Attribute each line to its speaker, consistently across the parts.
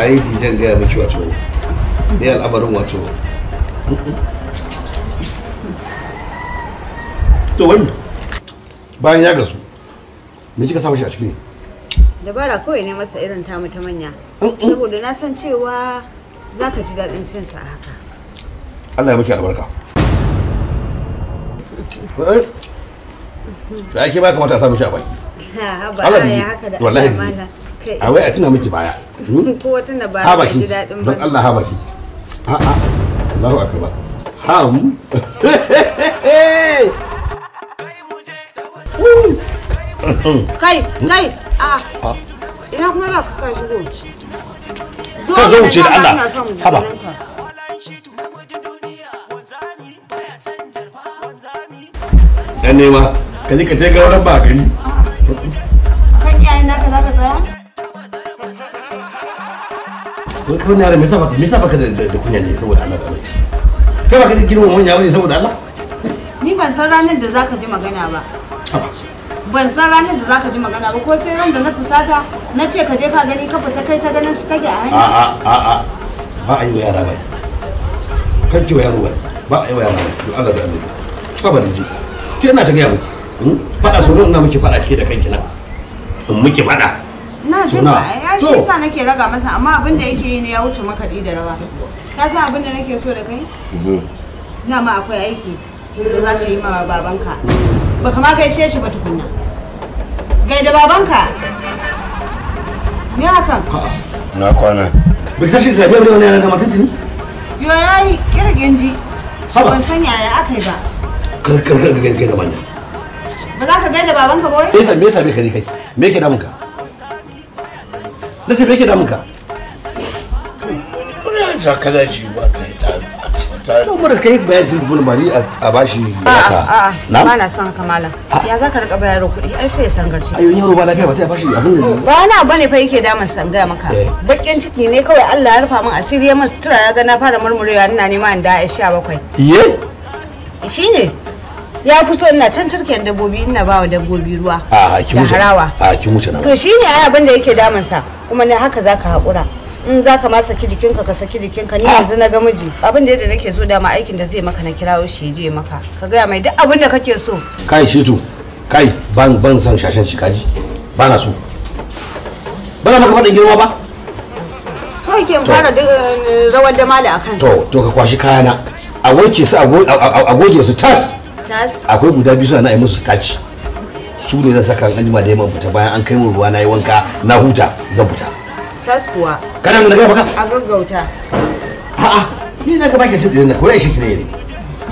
Speaker 1: gaya miki wato ne al'amarin wato to bayan ya gasu me kika samu shi a ciki
Speaker 2: dabara kawai ne masa irin tamu ta manya saboda na san cewa za ka ji daɗin cin sa haka
Speaker 1: Allah ya miki albarka
Speaker 2: da
Speaker 1: eh? ake ba kamata a samu shi a baki
Speaker 2: ya haka da a wai
Speaker 1: a tuna miki baya hmm?
Speaker 2: ko tuna ha baki don Allah ha
Speaker 1: baki ha ha Allahu akbar ha
Speaker 2: kai kai a ah. ina kuma za ka shigo ka zo wuce da Allah haba
Speaker 1: dan nema ka je ka je ga wurin ba gari wani yaran me yasa baka me yasa baka da kunya ne saboda Allah da kai baka da girman wani yaran saboda Allah
Speaker 2: ni ban san ranar da zaka ji magana ba ban san ranar da zaka ji magana ba ko sai ran da na fusata na ce ka je ka gani ka fita kai ta ganin su tage a hanya a
Speaker 1: a a ba a yi wa yara ba kan ki wa yaro ba ba a yi wa yara ba to Allah da Allah ba ba da ji ke ina ta ga miki hmm? fada so ina miki fada ke da kanki nan in miki fada
Speaker 2: na jin ya shi yasa nake raga masa amma abin da yake yi ne ya wuce makaɗi da rawa ka san abin da nake so da kai na mhm. ma akwai aiki da za ka yi ma babanka ba kama gaishe shi ba tukunna gai da babanka me hakan
Speaker 1: na kwana bai tashi sai bai wani yana da matan tuni
Speaker 2: yo yayi kirgin ji ban san yaya aka ba
Speaker 1: kar kar kar gai da babanka
Speaker 2: ba za ka gai da babanka ba wai
Speaker 1: me yasa me yasa bai kai me yake damunka na ce beke ka sa ka ta ta ta ta ta ta ta ta bayan jin ta ta a bashi ta na ba na
Speaker 2: son haka malam ya za ka ta bayar kuɗi ai sai ya ta ayo ta ta lafiya ba
Speaker 1: sai a bashi abin da
Speaker 2: ba na ta fa yake damun ta maka eh. bakin ciki ne kawai Allah ya rufa min asiri ya min sutura ya ga na fara murmurewa ina neman da ta ye ta ya fi so ina can turken dabbobi ina ba wa dabbobi ruwa
Speaker 1: da harawa a kin wuce nan to
Speaker 2: shine ai abin da yake damun sa kuma ne haka zaka hakura in za ka ma saki jikinka ka saki jikinka ni yanzu na ga miji abin da yadda nake so dama aikin da zai maka na kirawo shi je maka ka gaya mai duk abin da kake so
Speaker 1: kai to kai ban ban san shashan shi kaji ba na so ba na maka fadin girma ba
Speaker 2: kai ke fara eh, rawar da mali a kansa to
Speaker 1: to ka kwashi kayana a wanke su a goge su tas akwai guda biyu suna na musu taci su ne zan saka an jima da yamma fita bayan an kai mu ruwa na yi wanka na huta zan fita
Speaker 2: tas kuwa kana mun ka a gaggauta
Speaker 1: a'a ni na shi da ko ya shi kire ne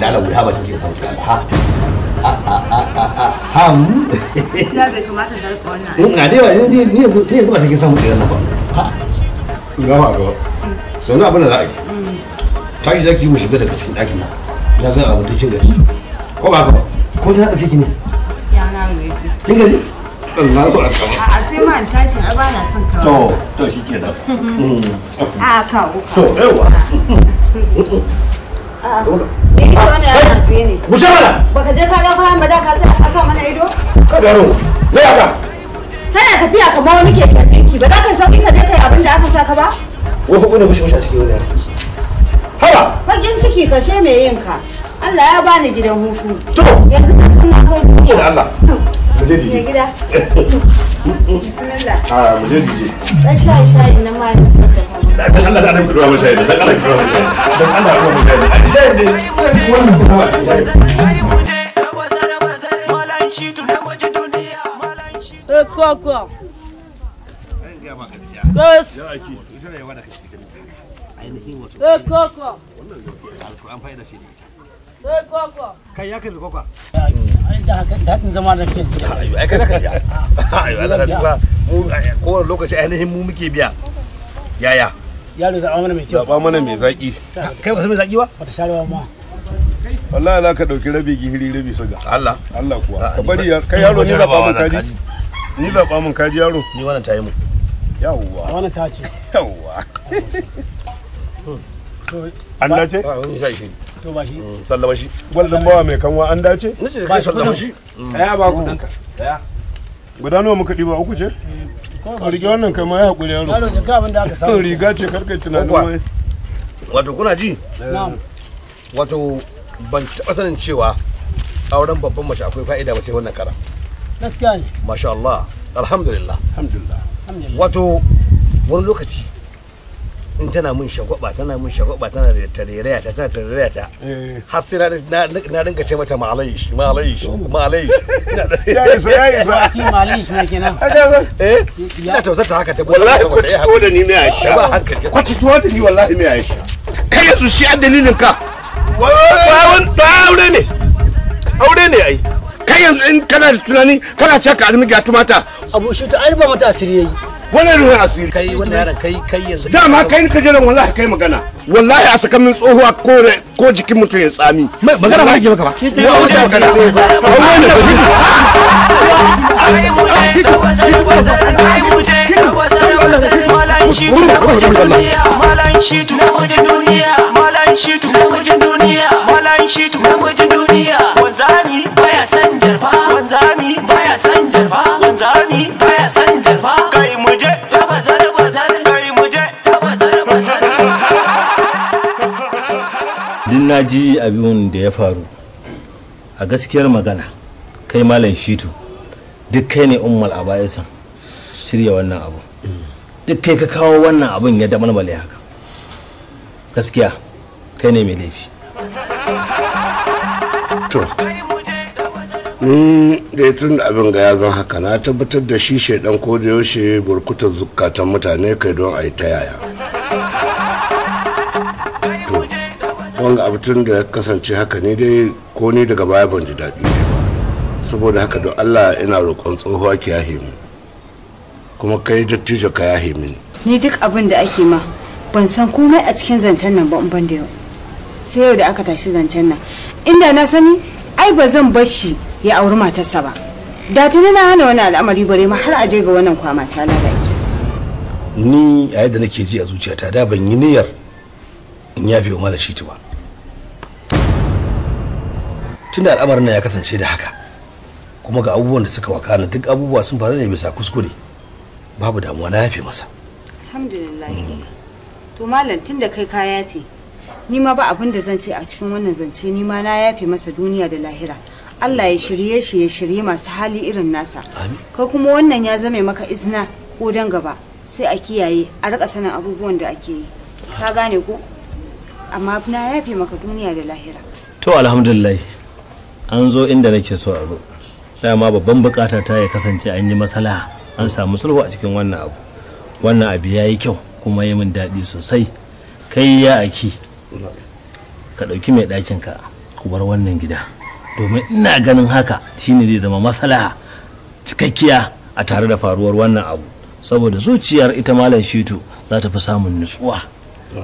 Speaker 1: da Allah ba kike ha ham
Speaker 2: bai kamata
Speaker 1: ha za yi mm. tashi shiga daga cikin ɗakin nan ta zan abin cikin gari ko ba ko ko ta ɗauke ki ne ya na mai kin gaji ko akbar a
Speaker 2: sai ma tashin ai bana son kawo
Speaker 1: to to shikenan
Speaker 2: a kawo to yawa a'a eh ne ya hatsi ne bushe mana baka je ka ga kayan ba da ka a sa mana ido ka garo ne ka. kana tafiya kamar wani ke karɓinki ba za ka sauki ka je kai abin da aka saka ba
Speaker 1: wai ko ne bushe bushe a cikin wani yaro
Speaker 2: haba fagen ciki kashe mai yin ka Allah ya bani gidan hutu. To. Yanzu da na
Speaker 1: zo duniya. Allah.
Speaker 2: Mu je dije. gida.
Speaker 1: Bismillah. Ah, mu je dije.
Speaker 2: Dan shayi shayi na ma da saka.
Speaker 1: Allah da annabi ruwa shayi. Dan Allah ruwa shayi. Dan
Speaker 2: Allah ruwa shayi. shayi
Speaker 3: ba. Koko.
Speaker 1: Yes. ita. kai ya kai kokwa daɗin zama da ke ai kai ka biya ai Allah ka mu kowane lokaci ainihin mu muke biya yaya yaro zaɓa mana mai kyau zaɓa mana mai zaƙi kai ba su mai zaƙi ba ba sharewa ma wallahi za ka ɗauki rabi gihiri rabi suga Allah Allah kuwa ka bari kai yaro ni zaɓa mun kaji ni zaɓa mun kaji yaro ni wannan ta mu yawwa wannan ta ce yawwa an to ba mm, sallama shi gwaldin bawa mai kanwa an dace nace shi mm. ba ku guda nawa muka uku ce
Speaker 3: eh, rige wannan
Speaker 1: kai ma ya haƙuri
Speaker 3: yaro riga ce karka
Speaker 1: tunanin wato kuna ji wato ban taɓa sanin cewa auren babban mace akwai fa'ida ba sai wannan kara gaskiya ne masha Allah alhamdulillah alhamdulillah wato wani lokaci in tana mun shagwaba tana mun shagwaba tana da tarayya ta tana tarayya ta eh. har sai na dinga ce mata malai shi malai shi oh. malai ya isa ya isa ki malai shi ne kenan eh ina tausa ta haka ta wallahi ku ci to da ni ne Aisha ku ci to da ni wallahi ne Aisha kai yanzu shi a dalilin ka wawan to aure ne aure ne ai kai yanzu in kana da tunani kana caka almiga tumata abu shi ta ai ba mata asiri yayi wannan ruhin asiri kai wannan yaran kai kai yanzu dama kai ni ka jiran wallahi kai magana wallahi a saka min tsohuwa ko ko jikin mutum ya tsami
Speaker 3: magana ba kake maka ba ya wuce magana duniya, duniya,
Speaker 2: duniya,
Speaker 3: wanzami baya san jarfa, wanzami baya san jarfa, wanzami baya san jarfa. na ji abin da ya faru a gaskiyar magana kai malam shitu duk kai ne ummal a bayasan shirya wannan abu duk kai ka kawo wannan abin ya damalmale haka gaskiya kai ne mai laifi to ni da tun da abin ga ya zan haka na tabbatar da shi shaidan ko da yaushe burkutar zukatan mutane kai don a yi ta yaya wanga abutun da ya kasance haka ne dai ko ni daga baya ban ji daɗi ne ba saboda haka don allah ina roƙon tsohuwa ki yahe min kuma kai dattijo ka yahe min.
Speaker 2: ni duk abin da ake ma ban san komai a cikin zancen nan ba in ban da yau sai yau da aka tashi zancen nan inda na sani ai ba zan bar shi ya auri matarsa ba da tuni na hana wani al'amari bare ma har a je ga wannan kwama ta lalace
Speaker 1: ni a yadda nake ji a zuciyata da ban yi niyyar in yafe wa malashi shi ba tunda al'amarin nan ya kasance da haka kuma ga abubuwan da suka wakana duk abubuwa sun faru ne bisa kuskure babu damuwa na yafe masa
Speaker 2: alhamdulillah hmm. to malam da kai ka yafe ni ma ba abin da zan ce a cikin wannan zance ni ma na yafe masa duniya da lahira Allah ya shirye shi ya shirye masu hali irin nasa kai kuma wannan ya zame maka izina ko dan gaba sai a kiyaye a rika sanin abubuwan da ake yi ka gane ko amma na yafe maka duniya da lahira to
Speaker 3: alhamdulillah an zo inda nake so a zo dama babban bukata ta ya kasance an yi masala an samu sulhu a cikin wannan abu wannan abu ya yi kyau kuma yi min daɗi sosai kai ya aki ka ɗauki mai ɗakin ka ku bar wannan gida domin ina ganin haka shine zai zama masala cikakkiya a tare da faruwar wannan abu saboda zuciyar ita malam shitu za ta fi samun nutsuwa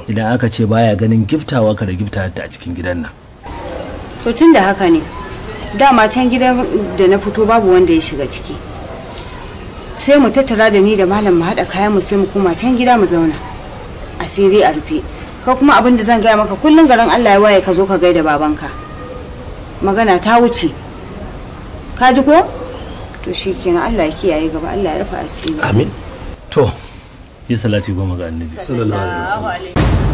Speaker 3: idan aka ce baya ganin giftawa ka da giftawa ta a cikin gidan nan
Speaker 2: to tun da haka ne dama can gidan da na fito babu wanda ya shiga ciki sai mu tattara da ni da malam mu haɗa kayan mu sai mu koma can gida mu zauna asiri a rufe ka kuma abin da zan gaya maka kullum garin Allah ya waye ka zo ka gaida babanka magana ta wuce ka ji ko to shikenan Allah ya kiyaye gaba Allah ya rufe asiri
Speaker 3: amin to yi salati goma ga annabi sallallahu
Speaker 2: alaihi wasallam